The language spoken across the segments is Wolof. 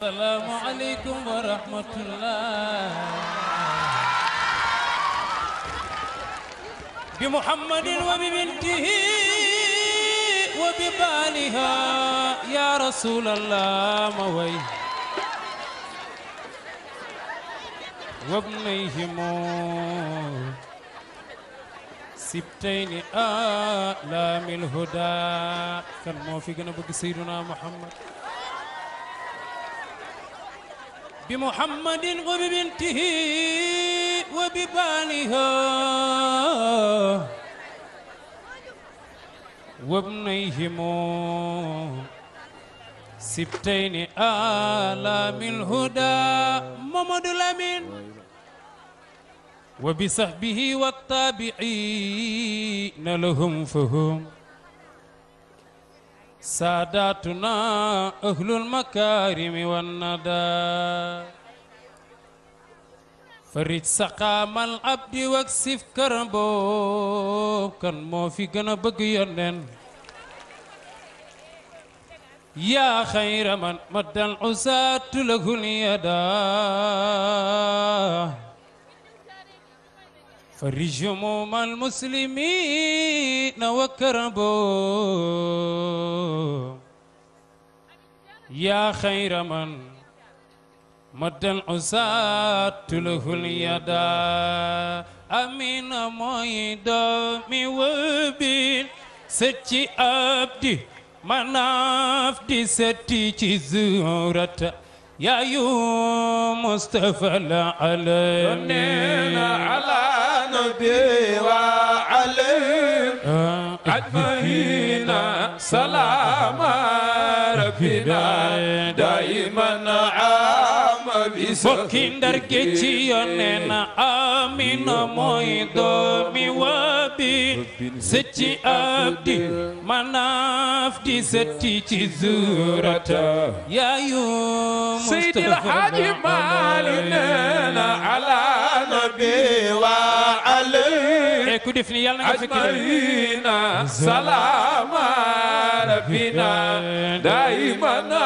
السلام عليكم ورحمة الله بمحمد وببنته وببالها يا رسول الله موي وابنيهم سبتين آلام الهدى كان موفقنا بك سيدنا محمد بمحمد وببنته وببالها وابنيهم سبتين آلام الهدى محمد الأمين وبصحبه والتابعين لهم فهم ساداتنا أهل المكارم والندى فرج سقام العبد واكسف كربو كان مو في غنا بغ يونن يا خير من مد العساة له اليدا فرج هموم المسلمين وكربوا يا خير من مد العساة له اليدا أمين مويدا مي وبين ستي أبدي مناف دي ستي تزورتا يا يوم مصطفى العالمين على النبي وعلي عدمهينا آه. صلاه ki ndar ci yoneen amina mooy doomi waadi sëcci abdi manaaf di sëtti ci zuurata yaayu Seydi El Hadji Malick neena ala nabi wa alayhi ku def ni yàlla nga salaama rabbina daimana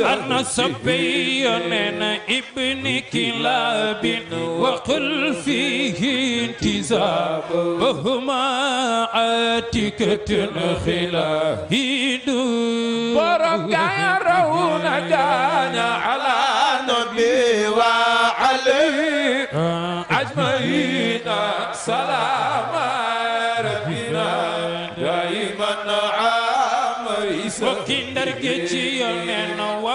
أنا صبي أنا ابن كلاب وقل فيه انتزاب وهما عاتكة خلاه بركة يرون جانا على نبي وعلي آه. أجمعين سلاما bokki ndar géej ci yoon neen wa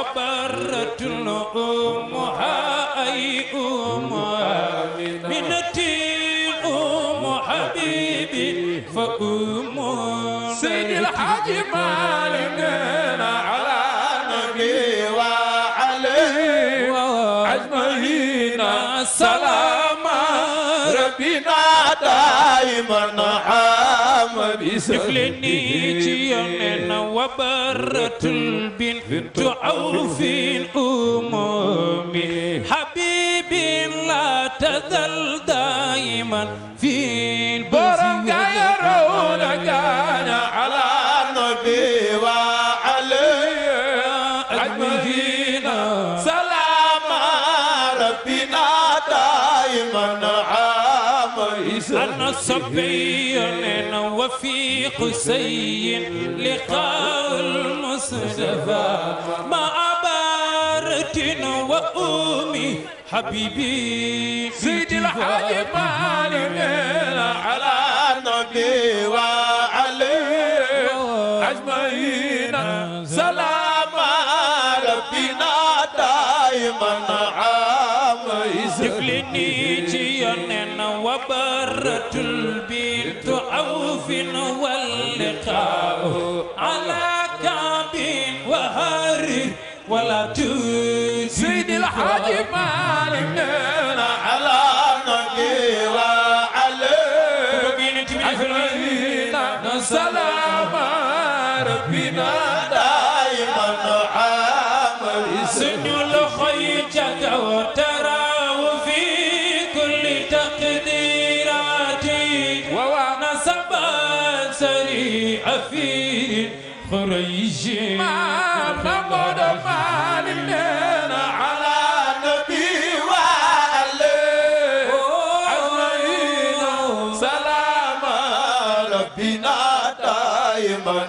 umuha ay uma minatil fa umu seydil haji maali neena ala nabi wa alayhi ajmaina salama rabbina daiman جفلني جيومين وبرة البنت عوف أمومي حبيبي لا تزل دائما في البركة يرونك أنا على النبي وعلي أجمعين سلام ربنا دائما عام أنا صبي حسين لقاء المصطفى مع بارك وأمي حبيبي سيد الحاج مالك على النبي وعلي أجمعين سلام ربنا دائما تفلني جيانا وبرة البيت عوف ولا على كعب وهر ولا تزيد الحاج مالك قريشي ما نقد فالنا على نبي وآله أجمعين سلام ربنا دائما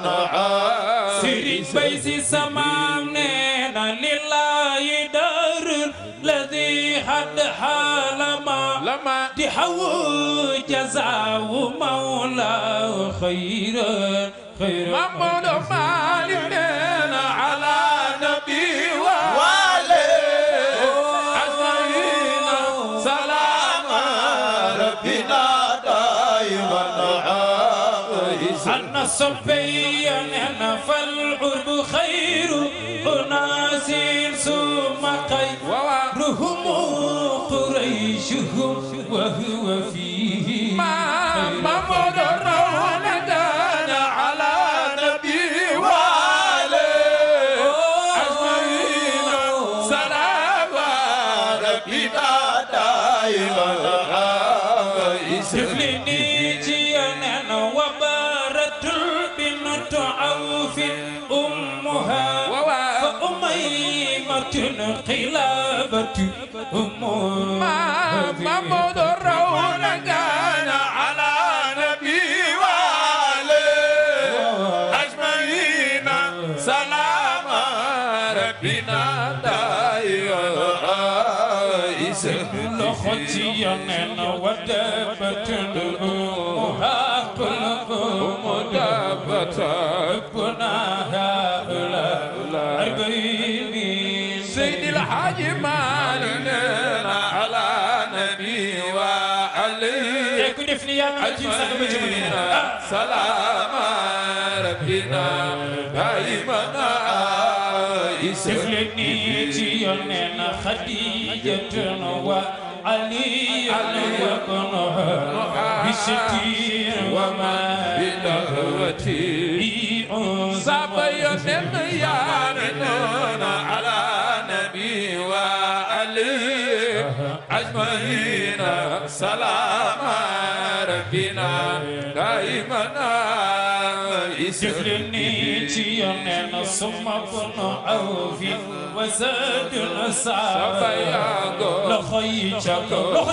سيري بيسي سمامنا لله دار الذي حد حال كرما دحو جزاو مولا خير خير ممن لنا على نبي وآله أسرنا سلام ربنا دائما أن الصفيا فالعرب خير أناس ثم خيرهم عيشه وهو فيه ما مضى رمضان على نبي واله أجمعين سلام ربي دائما آه. سفلني انقلابك أمور ما مضرون كان على نبي وآله أجمعين سلام ربنا دائما لختي أنا ودبت الأمور وإيماننا على نبي وعلي سلام ربنا دائما سفلني جيوننا خديجة وعلي وكنها بشكير وما بدهوتي صابيون يا أجمعين سلام ربنا دائما يسلمني تيونين ثم بن عوفي وزاد الأسعار لخي تشكو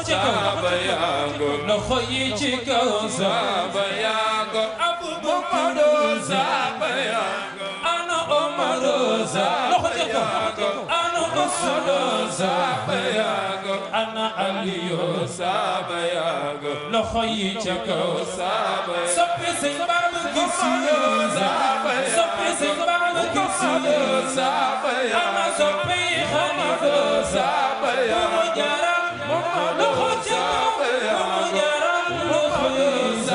لخي تشكو زابيانغو أبو بكر زابيانغو أنا أمر زابيانغو sunu saaba yaago ana aliyo saaba yaago loxo yi ca kaw saaba yaago soppi sëñ baaba gis yoo saaba yaago soppi sëñ baaba gis yoo saaba yaago ana soppi xalifa saaba yaago mu jaral loxo ca kaw mu jaral loxo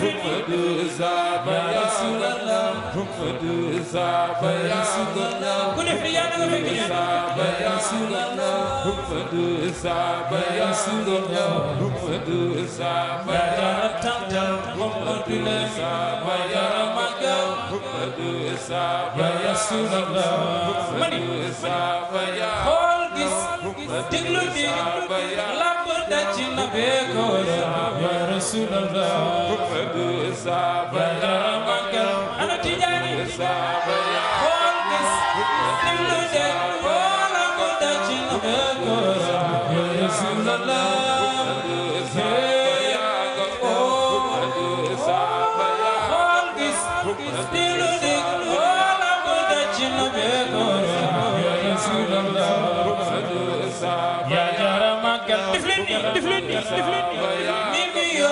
حمد زاب يا رسول الله حمد زاب يا رسول الله كل حيانا وفكر زاب يا رسول الله حمد زاب يا رسول الله حمد زاب يا تنجا حمد زاب يا رمجا حمد زاب يا رسول الله حمد زاب يا déglu bi làmb da ci na bee ko ya rasulallah def leen nii def leen nii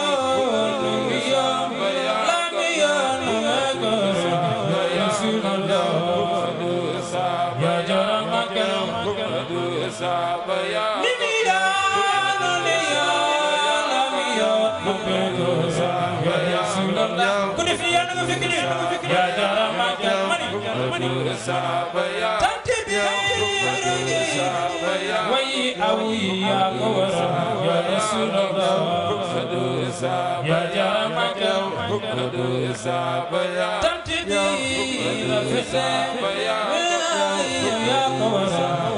يا قمر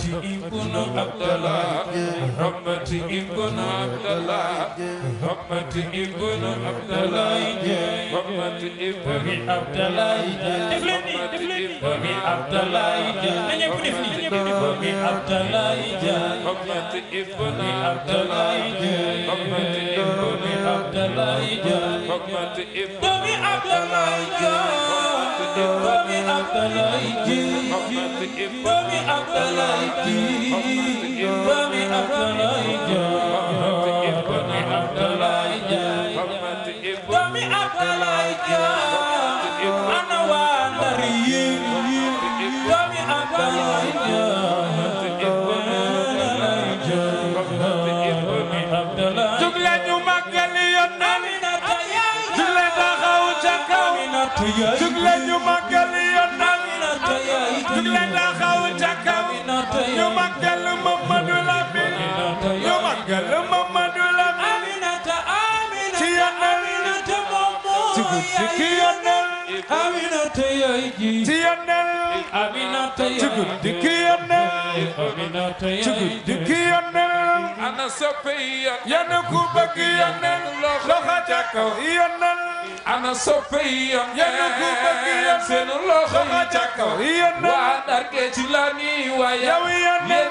رحمتي ابن عبد الله رحمتي ابن عبد الله رحمتي ابن عبد الله رحمتي ابن عبد الله دفلني دفلني ابن عبد الله نيب دفلني ابن عبد الله رحمتي ابن عبد الله رحمتي ابن عبد الله رحمتي ابن عبد الله doomi Abdoulaye Diop doomi Abdoulaye Diop doomi Abdoulaye Diop doomi Abdoulaye Diop doomi Abdoulaye Diop ana waa Ndar yi doomi Abdoulaye Diop doomi Abdoulaye Diop doomi Abdoulaye Diop jug leen ñu màggal Yonent bi jug leen taxaw ca kaw jug leen ñu màggal ñu leen a xaw ca kaw ñu màggal Mamadou Lamine ñu màggal Mamadou Lamine ci yonal ci guddi ki yonal ci yonal ci guddi ki yonal ci guddi ki yonal ana soppe yonal ku bëgg yonal loxo ca kaw yonal ana soppiyam yéen a ko bëgg yéen seen loxo yi ca kaw yéen a waa ndar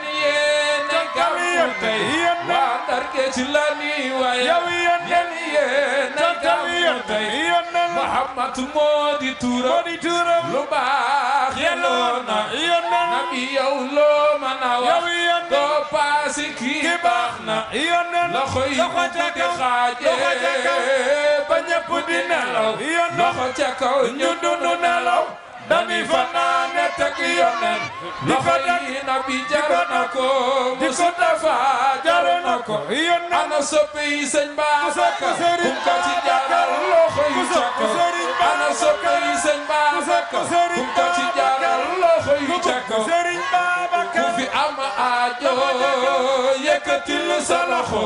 Muhammad moodi tuuram moodi tuuram lu baax yeloona yonna nabi yow loo mën a wax doo paasi kii baax na yonna loxo yi bu di xaaje ba ñëpp di nelaw loxo ca kaw ñu dund nelaw dañuy fanaane teg yoneen di fa def nabi ko Mustafa na ko yoneen ana soppe yi sëñ Babacar kum ka ci jaaral loxo yu càkk ana soppe yi sëñ Babacar kum ka am aajo yëkkatil sa loxo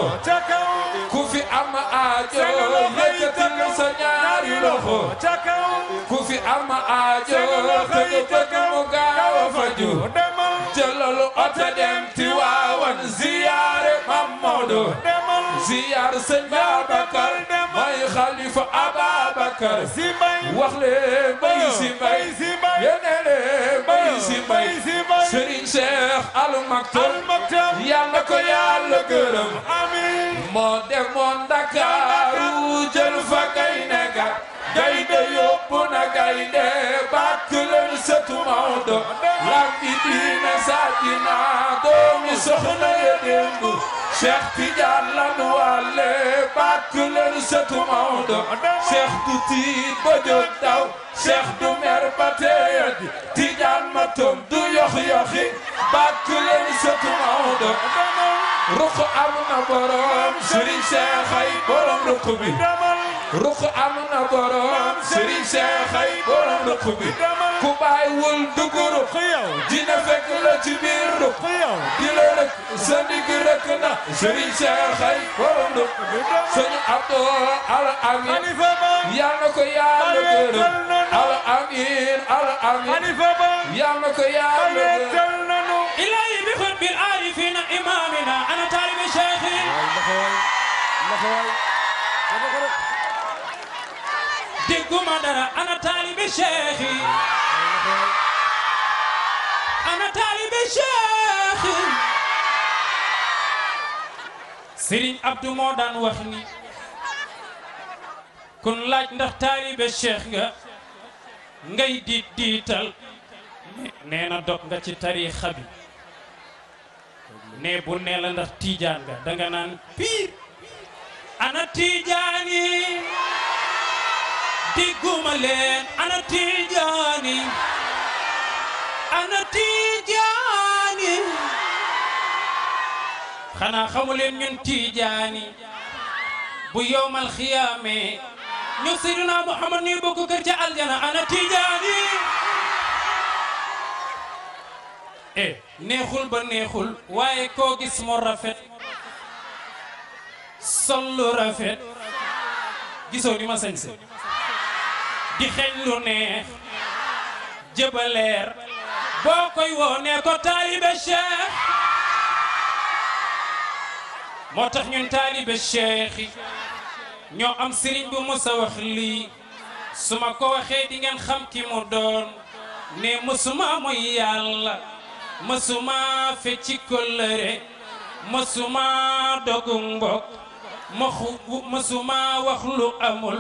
ku fi am aajo yëkkatil a dem Tiwaawan ziyaare Mam Moodu ziyaar sëñ Babacar may xalifa Ababacar wax leen bay si mbay yenee bay si mbay Serigne Cheikh Al Maktoum yal na ko yàlla gërëm amiin moo demoon Ndakaaru jël fa gaynde ga gaynde yóbbu na gaynde bàkk leen sëtu Maodo lam bi diine Sadina doomi soxna ya démb Cheikh Tidiane lanu wàlle bàkk leen sëtu Maodo Cheikh du tiit ba jóg daw du mer ba teeyadi Tidiane ma tom du yox-yoxi bàkk leen sëtu Maodo ruq am na borom Serigne Cheikh ay borom ruq bi ruq am na borom Serigne Cheikh ay borom ruq bi ku bàyyiwul duguru dina fekk la ci biir ruq di la rëkk sa ndigg rëkk na sëriñ Cheikh xay borom ruq sëñ Abdou al amin yal na ko yàlla gërëm al amin al amin yal na ko yàlla gërëm ilahi bi xut bil arifina imamina ana taalibi Cheikh digguma dara ana taalibi Cheikh أنا طالب الشيخ Serigne Abdou moo daan wax ni kun laaj ndax taalibe cheikh nga ngay diit diital nee na dog nga ci tariixa bi ne bu nee nga ana tiijaan dégguma leen ana tijaani ana tijaani xanaa xamu ñun tijaani bu yowmal xiyaame ñoo Seydina Muhammad ñuy bokk kër ca aljana ana tijaani eh neexul ba neexul waaye koo gis mu rafet sol rafet gisoo ma sañse di xeeñ lu neex jëbaleer boo koy woo nee ko taalibe cheikh moo tax ñun taalibe cheikh yi ñoo am sëriñ bu mës a wax lii su ma ko waxee di ngeen xam ki mu doon ne mësuma mooy yàlla mësuma fecci kóllëre mësuma dogu mbokk mësuma wax lu amul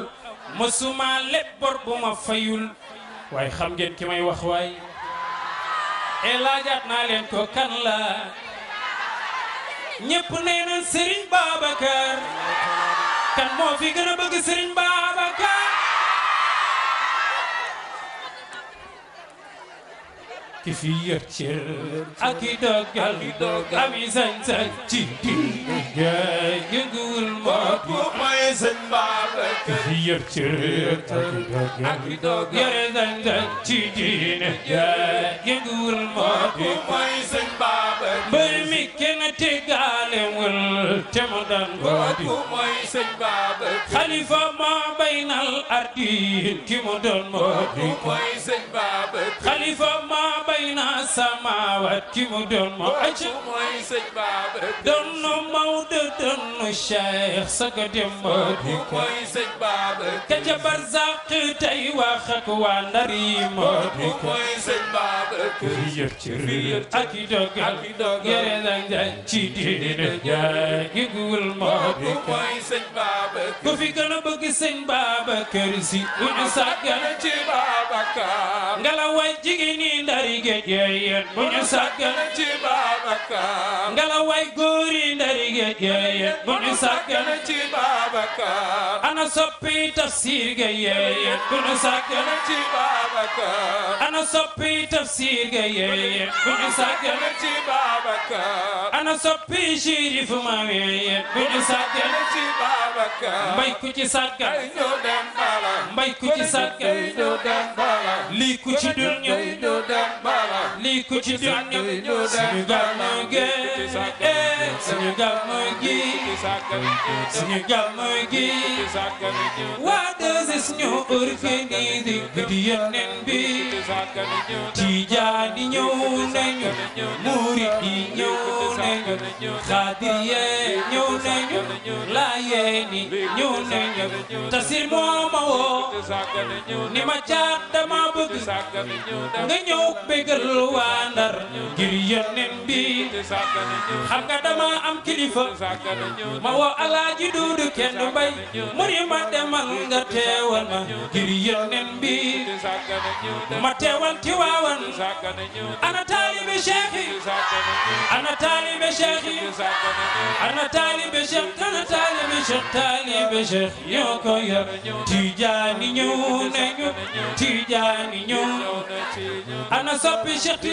mësuma lépp bor bu ma fayul waaye xam ngeen ki may wax waay e naa leen ko kan la ñépp nee na Serigne kan moo fi gën a bëgg Serigne Babacar ki fi yër cër ak i dogal am i sañ-sañ ci di yëguwul moo sëñ Babacar yër cër ak doog yore dandan ci diine yënguwul moo di mooy sëñ Babacar mbër mi kenn tegaalewul te ma daan boo di mooy sëñ Babacar xalifa maa baynal ardiin ki ma doon moo di mooy sëñ Babacar xalifa maa bayna samaawaat ki ma doon moo aca mooy sëñ Babacar doon nu Maodo doon nu Cheikh saga dem mooy sëñ baaba ka ca barzaq tey wax ak waa narima mooy sëñ baaba riyër ci riyër ak i dogal yore la njaay ci diine jaay gi gul moo mooy sëñ baaba ku fi gën a baaba kër ci Babacar ngalaway jigéen ñi ndari géej yéen ci Babacar ngalaway góor yi ndari géej yéen Babacar ana soppi tafsir Gueye bu nu sàggan ci Babacar ana soppi tafsir Gueye bu nu sàggan ci Babacar ana soppi Chérif Mawe bu nu sàggan ci Babacar mbay ku ci sàggan ñoo dem bala mbay ku ci sàggan lii ku ci dul ñëw gi ku ci sàggal Sénégal mooy gi Sénégal eh, mooy gi Sénégal mooy gi waa dëses ñoo organisé guddi yeneen bi Tijaan yi ñëw nañu Murit yi ñëw nañu Xaadir ma woo ma bëgg nga ñëw bégal wa waa ndar ngir yónneen bi xam nga dama am kilifa ma woo alaaji duudu kenn bay mu ni ma demal nga teewal ma ngir yónneen bi ma teewal ci waawan ana taalibe taalibe cheikh yi ana taalibe cheikh ana taalibe taalibe cheikh yoo ko yor tijaani ñëw nañu tijaani ñëw ana soppi cheikh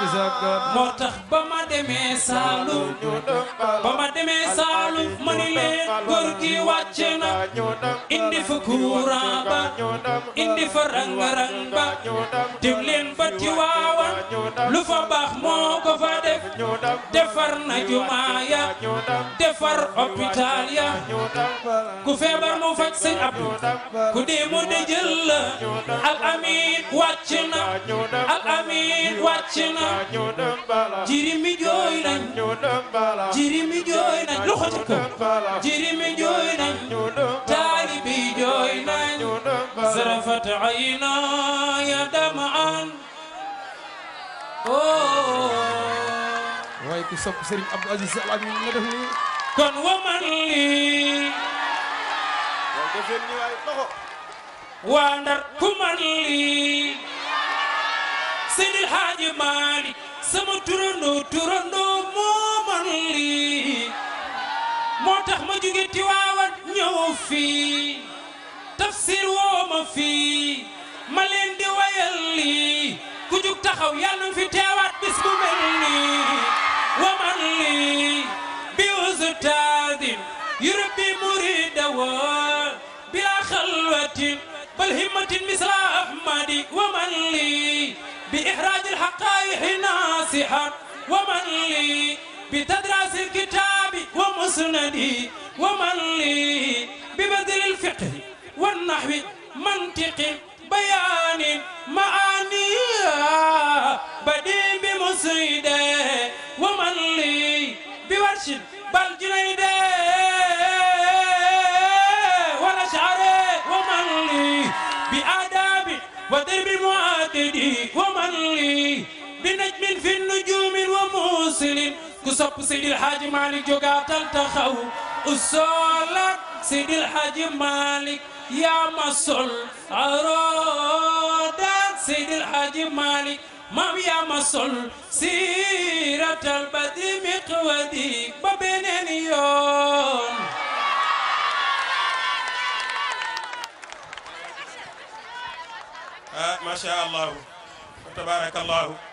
moo tax ba ma demee Saalum ma demee Saalum gi wàcce na indi fa courant ba indi fa rang-rang ba dem ba Tiwaawan lu fa baax moo ko fa def defar na jumaa defar hôpital ya ku feebar mu faj sëñ Abdou ku dee mu de la al amin wàcce na al amin wàcc na jirimi jooy nañ jirimi jooy nañ loxo ca kaw jirimi jooy nañ taalibi jooy nañ zarafat ayna ya damaan waaye ku sopp Serigne Abdou Aziz Sy Al Amine nga def nii kon waman lii waa ndar ku man lii Seydi Hadji Malick sama turandoo turandoo moo man lii moo tax ma jóge Tiwaawan ñëw fii tafsir woo ma fii ma leen di wayal lii ku jug taxaw yàlla fi teewaat bis bu mel nii wa man lii bi ustaadin yurabbi muridawa bila xalwatin bal himmatin misla ahmadi wa man lii بإحراج الحقائق ناصحا ومن لي بتدرس الكتاب ومسندي ومن لي ببذل الفقه والنحو منطق بيان معاني بديل بمسيدة ومن لي بورش بل جنيده سب سيد الحاج مالك جوغا تلتخو أصولك سيد الحاج مالك يا مسول عرودك سيد الحاج مالك مام يا مسول سيرة البدي مقودي ببنين يوم ما شاء الله تبارك الله